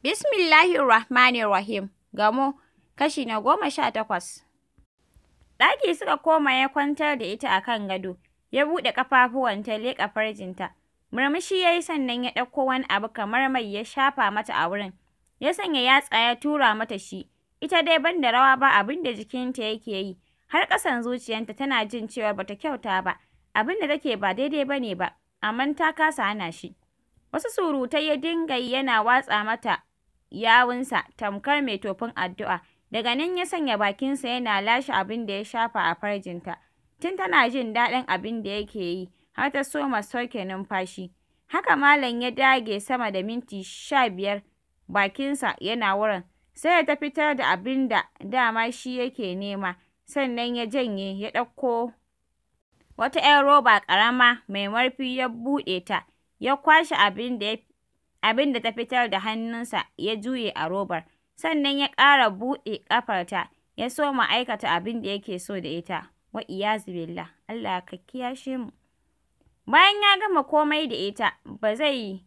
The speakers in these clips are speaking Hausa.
Bismillahirrahmanirrahim. Gamo, kashi na goma sha takwas. Ɗaki suka koma ya kwantar da ita a kan gado, ya buɗe ƙafafuwanta leƙa farjinta. Murmushi ya yi sannan ya ɗauko wani abu kamar mai ya shafa mata a wurin. Ya sanya yatsa ya tura mata shi. Ita dai ban da rawa ba abin da jikinta yake yi. Har ƙasan zuciyanta tana jin cewa bata kyauta ba. Abin da take ba daidai ba ne ba, amma ta kasa hana shi. Wasu surutai ya dinga yi yana watsa mata yawunsa tamkar mai tofin addu'a, daga nan ya sanya bakinsa yana lashe abin da ya shafa a farjinta. Tun tana jin daɗin abin da yake yi, har ta soma sauke numfashi. Haka Malam ya dage sama da minti sha biyar bakinsa yana wurin, sai ya ta fitar da abin da dama shi yake nema, sannan ya janye ya ɗauko wata 'yan roba ƙarama mai marfi ya buɗe ta, ya kwashe abin da ya abin da ta fitar da hannunsa ya juye a robar, sannan ya ƙara buɗe ƙafarta ya so aikata abin da yake so da ita. Wa iyazu billah, Allah ka kiyashe mu. Bayan ya gama komai da ita, ba zai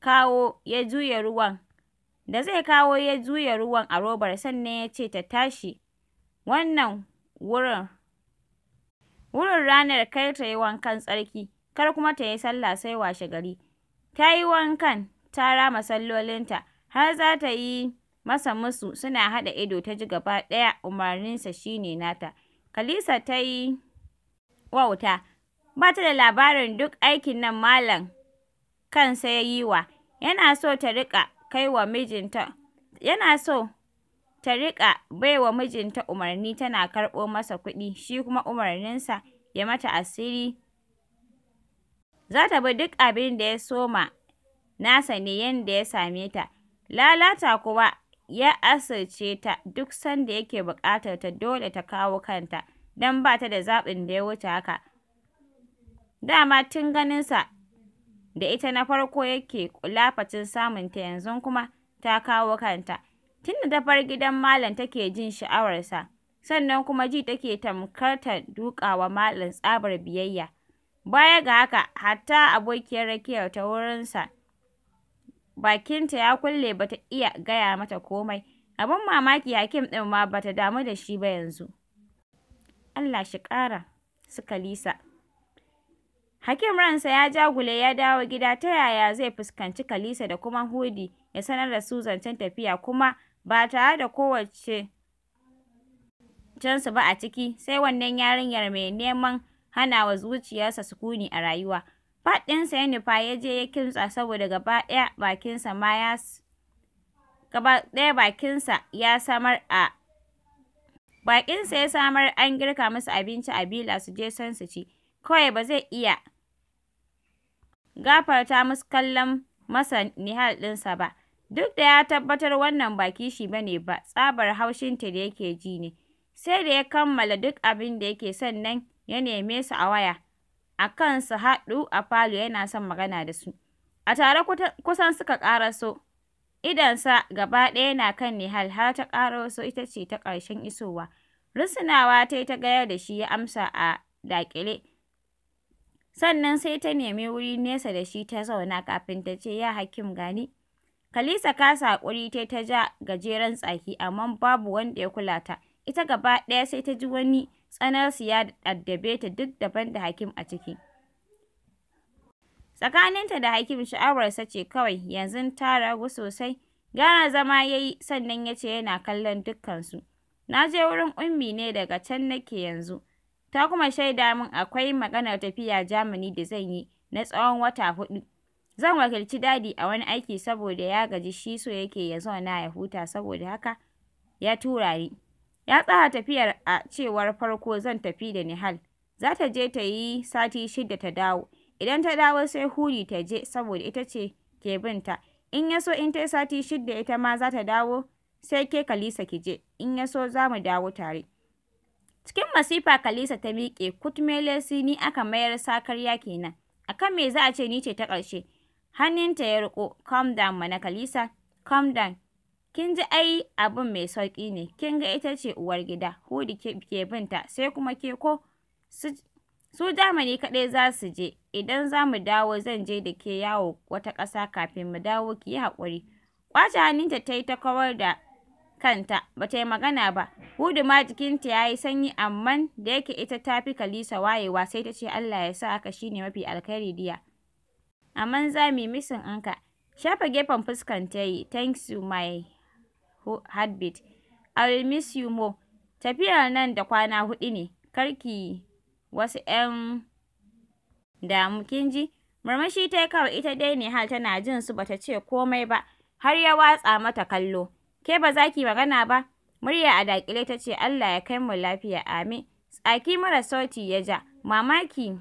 kawo ya juya ruwan da zai kawo ya juya ruwan a robar sannan ya ce ta tashi wannan wurin ranar kar ta yi wankan tsarki kar kuma ta yi sallah sai washe gari ta yi wankan ta rama sallolinta, har za ta yi masa musu, suna haɗa ido ta ji gaba ɗaya umarninsa shine nata. Kalisa ta yi wauta, ba ta da labarin duk aikin nan malam kansa ya yi wa, yana so ta riƙa kai wa mijinta, yana so ta riƙa bai wa mijinta umarni tana karɓo masa kuɗi, shi kuma umarninsa ya mata asiri. Za ta bi duk abin da ya soma nasa ne yadda ya same ta, lalata kuwa ya asirce ta duk sanda yake buƙatar ta dole ta kawo kanta don ba ta da zaɓin da ya wuce haka. Dama tun ganinsa da ita na farko yake kulafacin samun ta yanzu kuma ta kawo kanta. Tunda ta far gidan Malam take jin sha'awarsa, sannan kuma ji take tamkarta ta duƙawa Malam tsabar biyayya. Baya ga haka, hatta abokiyar rakiyar ta wurinsa bakinta ya kulle bata iya gaya mata komai. Abin mamaki Hakim ɗin ma bata damu da shi ba yanzu. Allah shi ƙara su Kalisa. Hakim ransa ya jagule ya dawo gida ta yaya zai fuskanci Kalisa da kuma Hudi ya sanar da su zancen tafiya kuma ba tare da kowace cansu ba a ciki sai wannan yarinyar mai neman hanawa zuciyarsa sukuni a rayuwa. Pat ɗinsa ya nufa ya je ya kintsa saboda gaba ɗaya bakinsa ma ya gaba ɗaya bakinsa ya samar a bakinsa ya samar an girka musu abinci a bila su je son su ci kawai ba zai iya gafarta musu kallon masa nihal ɗinsa ba duk da ya tabbatar wannan ba kishi ne ba tsabar haushinta da yake ji ne sai da ya kammala duk abin da yake sannan ya neme su a waya a kan su haɗu a falo yana son magana da su. A tare kusan suka ƙaraso, idonsa gaba ɗaya yana kan Nihal har ta ƙaraso ita ce ta ƙarshen isowa. Rusunawa ta yi ta gaya da shi ya amsa a daƙile. Sannan sai ta nemi wuri nesa da shi ta zauna kafin ta ce ya hakim gani. Kalisa ka saƙuri ta ta ja gajeren tsaki amma babu wanda ya kula ta. Ita gaba ɗaya sai ta ji wani tsanarsu ya addabe ta duk daban da Hakim a ciki. Tsakaninta da Hakim sha'awarsa ce kawai, yanzu ta ragu sosai. Gyara zama ya yi sannan ya ce yana kallon dukkansu. Na je wurin ummi ne daga can nake yanzu. Ta kuma shaida min akwai maganar tafiya jamani da zan yi na tsawon wata hudu Zan wakilci dadi a wani aiki saboda ya gaji shi so yake ya zauna ya huta saboda haka ya tura ni. Ya tsara tafiyar a cewar farko zan tafi da Nihal. Za ta je ta yi sati shida ta dawo. Idan ta dawo sai Huri ta je saboda ita ce ke bin ta In ya so in ta yi sati shida ita ma za ta dawo sai ke Kalisa ki je. In ya so za mu dawo tare. Cikin masifa Kalisa ta miƙe kutmele ni aka mayar sakar sakarya kenan. kan me za a ce ni ce ta ƙarshe. Hannunta ya riƙo calm down mana Kalisa calm down Kin ji ai abin mai sauƙi ne, kin ga ita ce uwargida, hudi ke binta, sai kuma ke ko? Su zamani kaɗai za su je, idan za mu dawo zan je da ke yawo wata ƙasa kafin mu dawo ki yi haƙuri. Ƙwace hannunta ta yi ta kawar da kanta, ba ta yi magana ba. Hudu ma jikinta ya yi sanyi amma da yake ita ta fi Kalisa wayewa sai ta ce Allah ya sa aka shi ne mafi alkhairi diya. Amma za mu yi misin anka. Shafa gefen fuskan ta yi, thanks you my heartbeat. will miss you more. Tafiyar nan da kwana huɗu ne, kar ki wasu ‘yan damu kin ji. Murmushi ta kawai ita dai ne hal tana jin su bata ce komai ba, har ya watsa mata kallo. Ke ba za ki magana ba? Murya a dakile ta ce Allah ya kai mu lafiya amin. Tsaki mara sauti ya ja, mamaki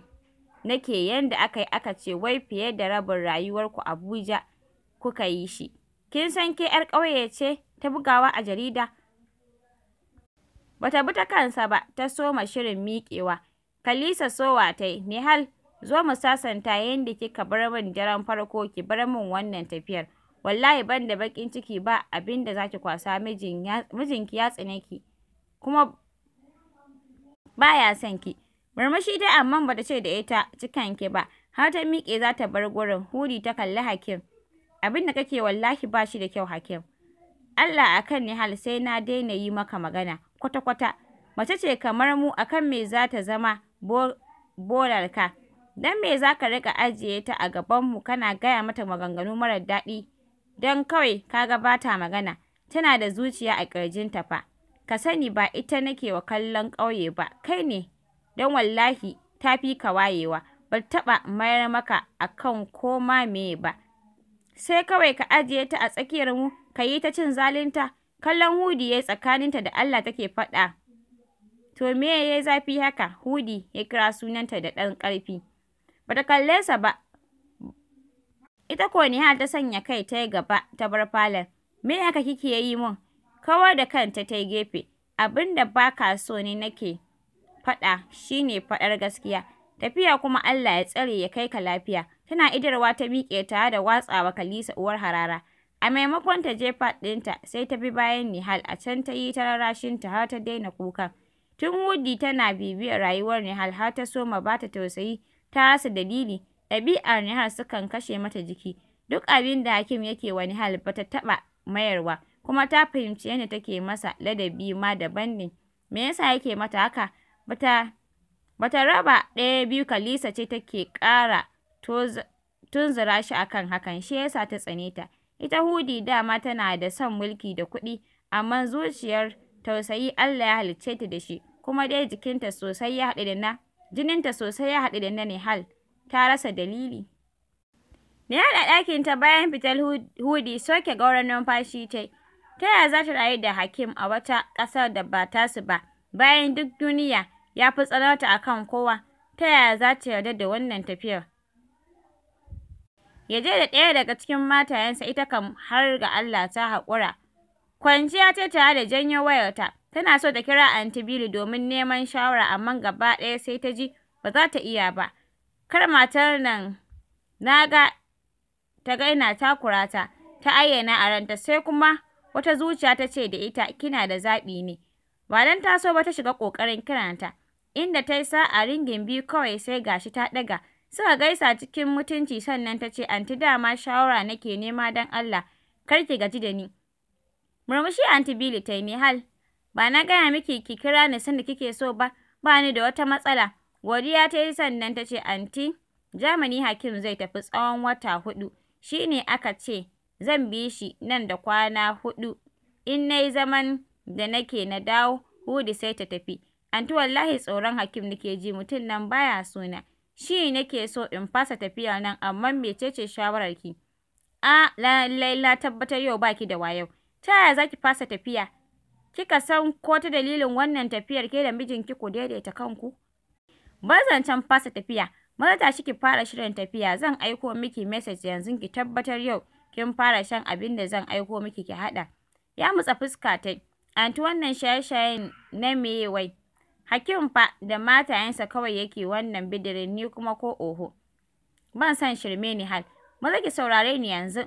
nake yanda aka yi aka ce wai fiye da rabin rayuwarku Abuja kuka yi shi. Kin san ke ‘yar ƙauye ce? ta bugawa a jarida bata bi ta kansa ba ta soma shirin miƙewa Kalisa sowa ta yi Nihal zo mu sasanta yadda kika bar min daren farko ki bar min wannan tafiyar wallahi ban da bakin ciki ba abin da zaki kwasa mijinki ya tsine ki kuma ya son ki murmushi dai amma ba ta ce da ita cikan ki ba har ta miƙe za ta bar gurin huri ta kalli hakim abin da kake wallahi ba shi da kyau hakim Allah akan Nihal sai na daina yi maka magana kwata-kwata. Mace ce kamar mu akan me za ta zama bolarka. Don me za ka riƙa ajiye ta a gabanmu kana gaya mata maganganu marar daɗi. Don kawai ka gabata magana. Tana da zuciya a ƙirjinta fa. Ka sani ba ita nake wa kallon ƙauye ba, kai ne. Don wallahi ta fi ka wayewa. Ba taɓa mayar maka akan koma me ba. Sai kawai ka ajiye ta a tsakiyar mu ka yi ta cin zalinta kallon hudi ya tsakaninta da Allah take faɗa to me ya zafi haka hudi ya kira sunanta da ɗan ƙarfi bata kalle sa ba ita ko Nihal ta sanya kai ta gaba ta bar falon me haka kike yi mun kawar da kanta ta gefe abin abinda baka so ne nake faɗa shine faɗar gaskiya tafiya kuma Allah ya tsare ya kai ka lafiya tana idarwa ta miƙe ta da watsawa Kalisa uwar harara A maimakon ta je ɗinta, sai ta bi bayan Nihal a can ta yi ta har ta daina kuka Tun Wudi tana bibiyar rayuwar Nihal har ta soma ba ta tausayi, ta rasa dalili. Ɗabi'ar Nihal sukan kashe mata jiki. Duk abin da Hakim yake wa Nihal ba ta taɓa mayarwa, kuma ta fahimci yadda take masa ladabi ma daban ne. Me yasa yake mata haka? Bata bata raba ɗaya biyu Kalisa ce take ƙara tunzura shi akan hakan, shi yasa ta tsane ta. Ita hudi dama tana da son mulki da kuɗi, amma zuciyar tausayi Allah ya halicce ta da shi, kuma dai jikinta sosai ya haɗu da na jininta sosai ya haɗu da na Nihal, ta rasa dalili. Nihal a ta bayan fitar hudi soke gauran numfashi ta ta yaya za ta rayu da Hakim a wata ƙasar da ba tasu ba, bayan duk duniya ya fi tsanarta a kan kowa, ta yaya za ta yarda da wannan tafiyar? yaje da ɗaya daga cikin matayensa ita kam har ga Allah ta haƙura. Kwanciya ta tare da janyo wayarta, tana so ta kira Aunty Billy domin neman shawara amma gaba ɗaya sai ta ji ba za ta iya ba. Kar matar nan na ga ta gaina ina takura ta, ta ayyana a ranta sai kuma wata zuciya ta ce da ita kina da zaɓi ne. Ba don ta so ba ta shiga ƙoƙarin kiranta, inda ta yi sa'a ringin biyu kawai sai gashi ta ɗaga. Suka gaisa cikin mutunci sannan ta ce, anti dama shawara nake nema don Allah, kar ki gaji da ni." Murmushi anti Billy ta yi hal "Ba na gaya miki ki kira ni sanda kike so ba, ba ni da wata matsala." Godiya ta yi sannan ta ce, anti Germany Hakim zai tafi tsawon wata hudu shi ne aka ce zan bi shi nan da kwana hudu In na yi zaman da nake na dawo, Hudu sai ta tafi. Anti wallahi tsoron Hakim nake ji mutum nan baya suna. shi nake so in fasa tafiya nan amma mecece shawararki? A lallai na tabbatar yau baki da wayo. Ta yaya zaki fasa tafiya? Kika san ko ta dalilin wannan tafiyar ke da mijinki ku daidaita kanku? zancen fasa tafiya. Maza shi ki fara shirin tafiya. Zan aiko miki message yanzu ki tabbatar yau kin fara shan abin da zan aiko miki ki haɗa. Ya mutsa fuska ta. Anti wannan shaye-shayen na me wai? Hakim fa da matayensa kawai yake wannan bidirin ni kuma ko oho. Ban san shirme ni hal. Maza ki saurare ni yanzu.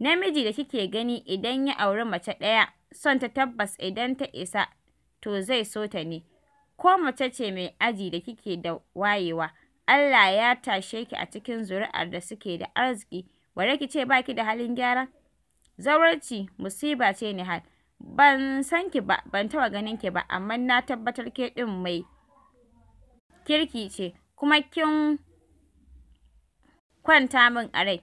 Namiji da kike gani idan ya auri mace ɗaya son ta tabbas idan ta isa to zai so ta ne. Ko mace ce mai aji da kike da wayewa Allah ya tashe ki a cikin zuri'ar da suke da arziki bare ki ce baki da halin gyara. Zawarci musiba ce ni hal. ban san ki ba ban taba ganin ki ba amma na tabbatar ke ɗin mai kirki ce kuma kin kwanta min a rai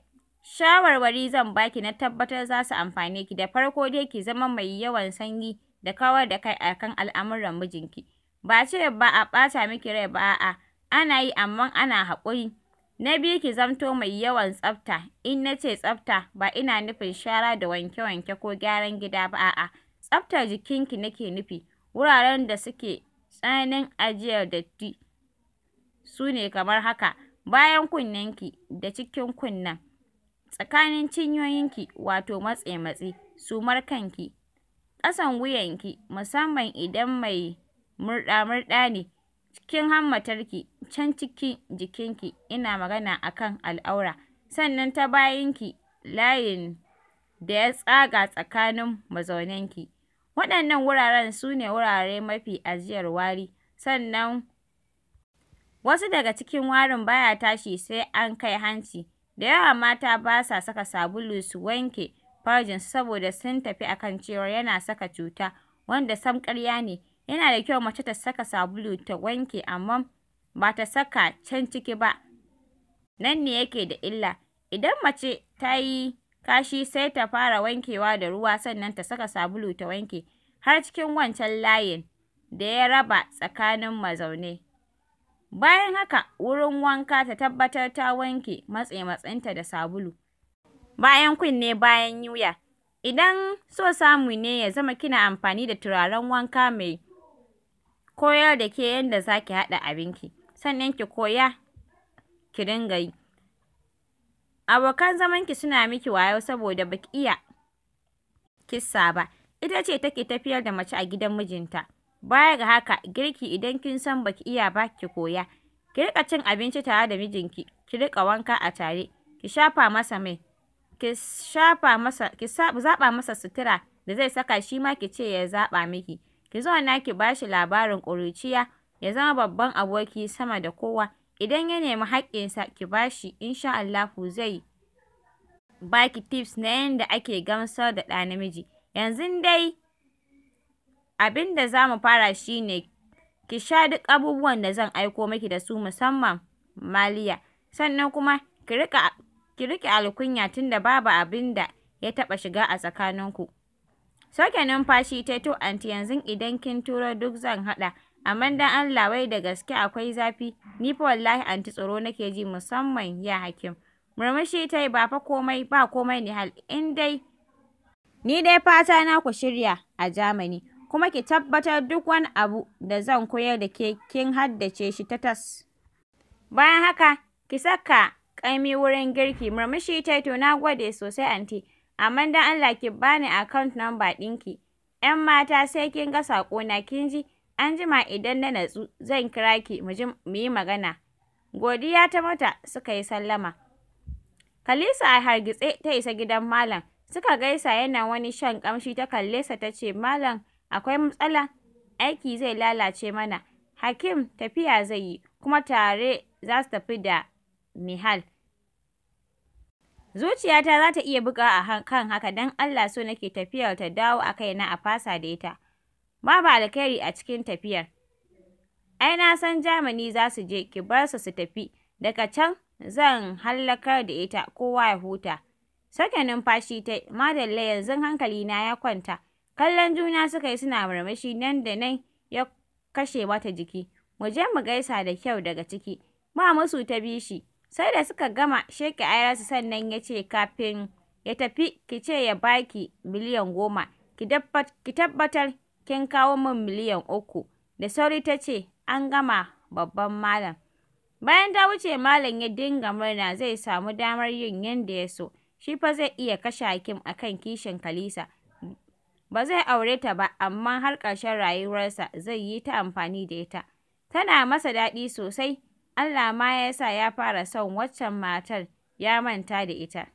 shawarwari zan baki na tabbatar za su amfane ki da farko dai ki zama mai yawan sanyi da kawar da kai akan al'amuran mijinki ba ce ba a ɓata miki rai ba a'a ana yi amma ana haƙuri na biyu ki zamto mai yawan tsafta in na ce tsafta ba ina nufin shara da wanke-wanke ko gyaran gida ba a'a Tsaftar jikinki nake nufi, wuraren da suke tsananin ajiyar datti su ne kamar haka: bayan kunnenki da cikin kunnen, tsakanin cinyoyinki (wato matse-matse), sumar kanki, ƙasan wuyanki (musamman idan mai murɗa-murɗa ne), cikin hammatarki, can cikin jikinki (ina magana a kan al'aura), sannan ta bayanki, layin da ya tsaga tsakanin mazauninki. Waɗannan wuraren su ne wurare mafi ajiyar wari, sannan wasu daga cikin warin baya tashi sai an kai hanci. Da yawa mata ba sa saka sabulu su wanke farjin saboda sun tafi a kan cewar yana saka cuta, wanda sam ƙarya ne. Yana da kyau mace ta saka sabulu ta wanke amma ba ta saka can ciki ba, nan ne yake da illa. Idan mace ta yi kashi sai ta fara wankewa da ruwa sannan ta saka sabulu ta wanke har cikin wancan layin da ya raba tsakanin mazaune, Bayan haka wurin wanka ta tabbatar ta wanke matse-matsinta da sabulu. Bayan kunne bayan yuya, idan so samu ne ya zama kina amfani da turaren wanka mai koyar da ke yadda za ki haɗa abinki, sannan ki koya ki dinga yi. Abokan zamanki suna miki wayo saboda baki iya kissa ba. Ita ce take tafiyar da mace a gidan mijinta. Baya ga haka, girki idan kin san baki iya ba ki koya. Ki riƙa cin abinci tare da mijinki, ki riƙa wanka a tare, ki shafa masa mai, ki shafa masa, ki zaɓa masa sutura da zai saka shi ma ki ce ya zaba miki. Ki zauna ki bashi labarin ƙuruciya, ya zama babban aboki sama da kowa. Idan ya nemi haƙƙinsa ki bashi shi, insha Allahu zai baki tips na yanda ake gamsar da ɗa namiji. Yanzu dai abin da za fara shi ne ki sha duk abubuwan da zan aiko miki da su musamman maliya. Sannan kuma ki riƙa ki riƙe alkunya tunda babu abin da ya taɓa shiga a tsakaninku. Sauke numfashi tai to anti yanzu idan kin turo duk zan haɗa. Amman dan Allah wai da gaske akwai zafi, ni fa wallahi anti tsoro nake ji musamman ya Hakim. Murmushi ta yi ba fa komai ba komai Nihal in dai ni dai fata na ku shirya a Jamani, kuma ki tabbatar duk wani abu da zan koyar da ke kin haddace shi ta tas. Bayan haka ki saka ƙaimi wurin girki murmushi ta to na gode sosai anti amma dan Allah ki bani account number ɗinki. ‘Yan mata sai kin ga na kin ji An jima idan na natsu zan kira ki mu yi magana. Godiya ta mata suka yi sallama. Kalisa a hargitse ta isa gidan Malam. Suka gaisa yana wani shan kamshi ta kalle sa ta ce, Malam, akwai matsala? Aiki zai lalace mana. Hakim tafiya zai yi, kuma tare za su tafi da Mihal. Zuciyata za ta iya buga a kan haka don Allah so nake tafiyar ta dawo a kaina a fasa da ita. Babu alkhairi a cikin tafiyar. Ai na san Jamani za su je, ki bar su su tafi, daga can zan hallakar da ita kowa ya huta. sake numfashi ta madalla yanzu hankali na ya kwanta. Kallon juna suka yi suna murmushi nan da nan ya kashe mata jiki. Mu je mu gaisa da kyau daga ciki. Ba musu ta bi shi. Sai da suka gama sheke ayarsu sannan ya ce kafin ya tafi ki ce ya baki miliyan goma. Ki tabbatar kin kawo min miliyan uku. Da sauri ta ce, an gama babban malam. Bayan ta wuce malam ya dinga murna zai samu damar yin yadda ya so. Shi fa zai iya kashe Hakim a kan kishin Kalisa. Ba zai aure ta ba amma har ƙarshen rayuwarsa zai yi ta amfani da ita. Tana masa daɗi sosai. Allah ma ya sa ya fara son waccan matar ya manta da ita.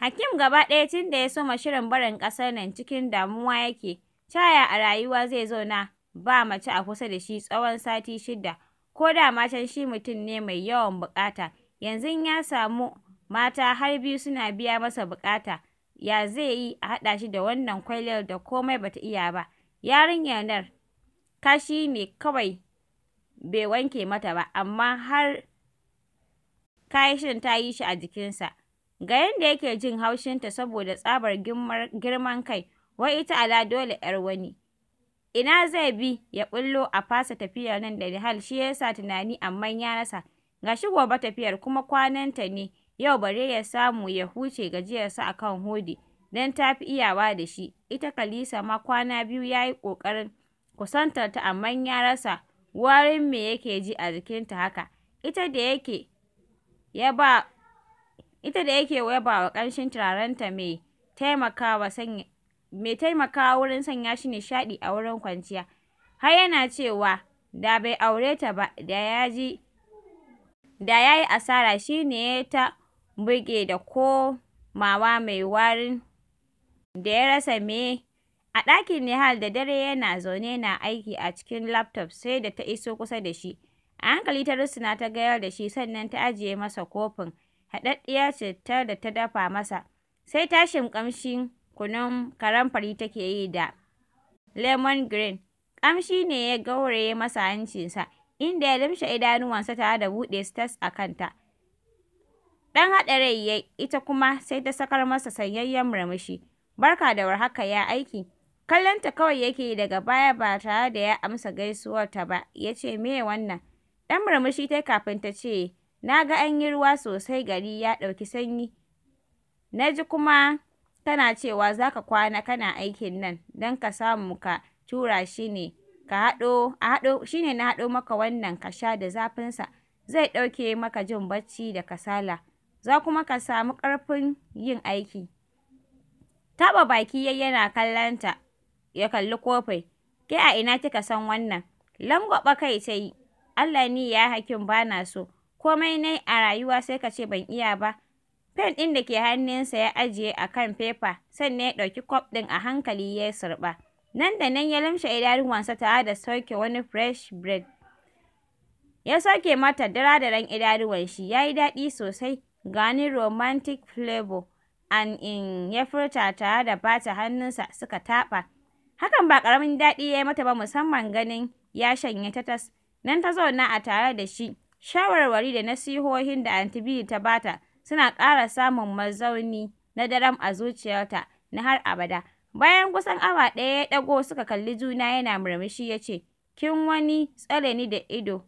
Hakim gaba ɗaya tun da ya soma shirin barin ƙasar nan cikin damuwa yake, Caya a rayuwa zai zauna ba mace a kusa da shi tsawon sati shida, ko da matan shi mutum ne mai yawan buƙata, yanzu ya samu mata har biyu suna biya masa buƙata, ya zai yi a haɗa shi da wannan kwalliyar da komai ba ta iya ba, yarinyar nan kashi ne kawai bai wanke mata ba, amma har kayashin ta yi shi a jikinsa. Ga yadda yake jin haushinta saboda tsabar girman kai. wai ita ala dole 'yar wani. Ina zai bi ya ɓullo a fasa tafiyar nan da Nihal shi ya sa tunani amma ya rasa. Ga shi gobe tafiyar kuma kwananta ne, yau bare ya samu ya huce gajiyarsa a kan hodi, don ta fi iyawa da shi. Ita Kalisa ma kwana biyu ya yi ƙoƙarin kusantar ta amma ya rasa warin me yake ji a jikinta haka. Ita da yake ya ba ita da yake yaba wa ƙanshin turarenta mai taimakawa sanya mai taimakawa wurin sanya shi nishaɗi a wurin kwanciya, har yana cewa da bai aure ta ba da ya ji da ya yi asara shi ne ya ta buge da komawa mai warin da ya rasa me. A ɗakin Nihal da dare yana zaune na aiki a cikin laptop sai da ta iso kusa da shi. A hankali ta rusuna ta gayar da shi sannan ta ajiye masa kofin haɗaɗɗiyar cittar da ta dafa masa. Sai tashin ƙamshin kunun karamfari take yi da lemon green. Ƙamshi ne ya gauraye masa hancinsa, inda ya limshe idanuwansa tare da buɗe su a kanta. Ɗan haɗa rai ya ita kuma sai ta sakar masa sanyayyen murmushi. Barka da warhaka ya aiki. Kallonta kawai yake daga baya ba tare da ya amsa ta ba, yace ce me wannan? Ɗan murmushi ta kafin ta ce, na ga an yi ruwa sosai gari ya ɗauki sanyi. Na ji kuma tana cewa za ka kwana kana aikin nan don ka samu ka tura shi ne ka haɗo shi ne na haɗo maka wannan ka sha da zafinsa zai ɗauke maka jin bacci da kasala za kuma ka samu ƙarfin yin aiki taɓa baki yai yana kallonta ya kalli kofai ke a ina kika san wannan langwaɓa kai ta yi Allah ni ya hakin bana so komai nai a rayuwa sai ka ce ban iya ba Fen ɗin da ke hannunsa ya ajiye a kan fefa sannan ya ɗauki kwaf ɗin a hankali ya surɓa. Nan da nan ya lamshe idanuwansa tare da sauke wani fresh bread. Ya sauke mata da ran idanuwan shi ya yi daɗi sosai ga wani romantic flavor and in ya furta tare da bata hannunsa suka taɓa. Hakan ba ƙaramin daɗi ya yi mata ba musamman ganin ya shanye ta tas. Nan ta zauna a tare da shi shawarwari da nasihohin da antibi ta bata suna ƙara samun mazauni na daren a zuciyarta na har abada. Bayan kusan awa ɗaya ya ɗago suka kalli juna yana murmushi ya ce, Kin wani tsare ni da ido.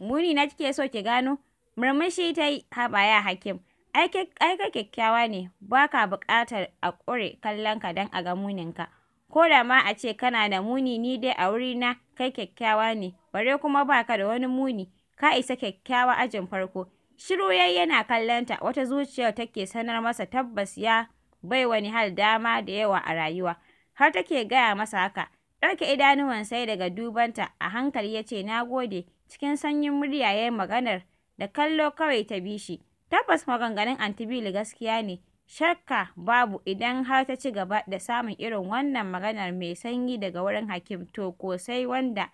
Muni na kike so ki gano? Murmushi ta yi ya hakim. Ai kyakkyawa ne, ba ka buƙatar a ƙure kallonka don a ga muninka. Ko da ma a ce kana da muni ni dai a wuri na kai kyakkyawa ne, bare kuma ba ka da wani muni, ka isa kyakkyawa ajin farko. Shiru yayi yana kallonta, wata zuciyar take sanar masa tabbas ya bai wani hal dama da yawa a rayuwa. Har take gaya masa haka. Ɗauke idanuwan sai daga dubanta a hankali ya ce na gode cikin sanyin murya ya maganar da kallo kawai ta bi shi. Tabbas maganganun Antibili gaskiya ne. Shakka babu idan har ta ci gaba da samun irin wannan maganar mai sanyi daga wurin Hakim to ko sai wanda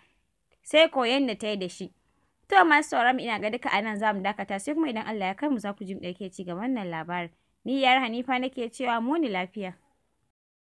sai koyon da ta yi da shi. To masu sauran ina ga duka anan za mu dakata sai kuma idan Allah ya kai mu za ku ji mu ci gaban wannan labarin. Ni yar Hanifa nake cewa mu ni lafiya.